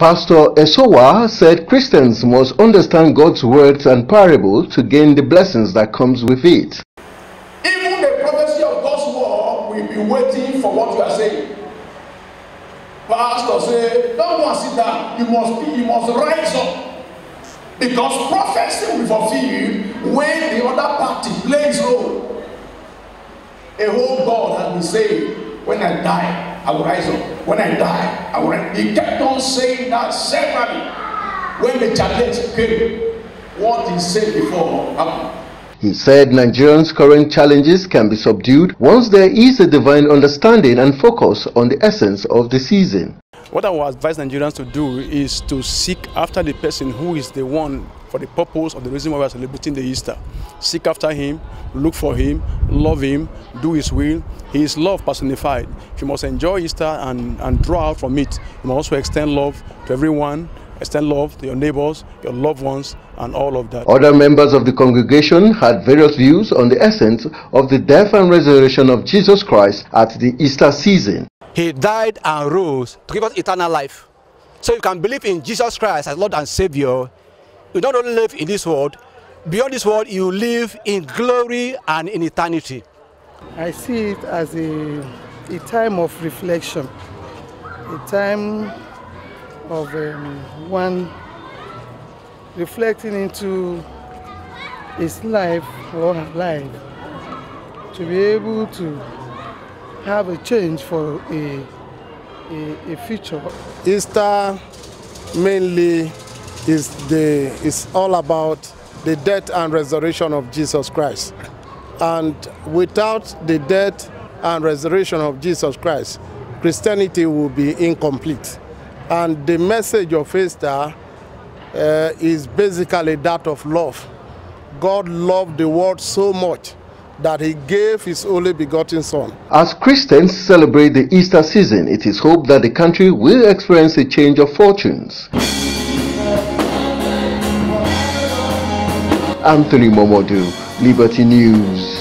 Pastor Esowa said Christians must understand God's words and parable to gain the blessings that comes with it. Even the prophecy of God's word will be waiting for what you are saying. Pastor said, don't want to sit down. You must be, you must rise up. Because prophecy will be fulfilled when the other party plays role. A whole God has been saying, when I die, I will rise up. When I die, I will rise. He kept on saying that severally. When the challenge came, what he said before happened. He said Nigerians' current challenges can be subdued once there is a divine understanding and focus on the essence of the season. What I would advise Nigerians to do is to seek after the person who is the one for the purpose of the reason why we are celebrating the Easter. Seek after him, look for him, love him, do his will. He is love personified. If you must enjoy Easter and, and draw out from it, you must also extend love to everyone, extend love to your neighbors, your loved ones, and all of that. Other members of the congregation had various views on the essence of the death and resurrection of Jesus Christ at the Easter season. He died and rose to give us eternal life. So you can believe in Jesus Christ as Lord and Savior, you don't only live in this world, beyond this world, you live in glory and in eternity. I see it as a, a time of reflection, a time of um, one reflecting into his life or her life to be able to have a change for a, a, a future. Easter mainly is, the, is all about the death and resurrection of Jesus Christ. And without the death and resurrection of Jesus Christ, Christianity will be incomplete. And the message of Easter uh, is basically that of love. God loved the world so much that he gave his only begotten son. As Christians celebrate the Easter season, it is hoped that the country will experience a change of fortunes. Anthony Momodu, Liberty News.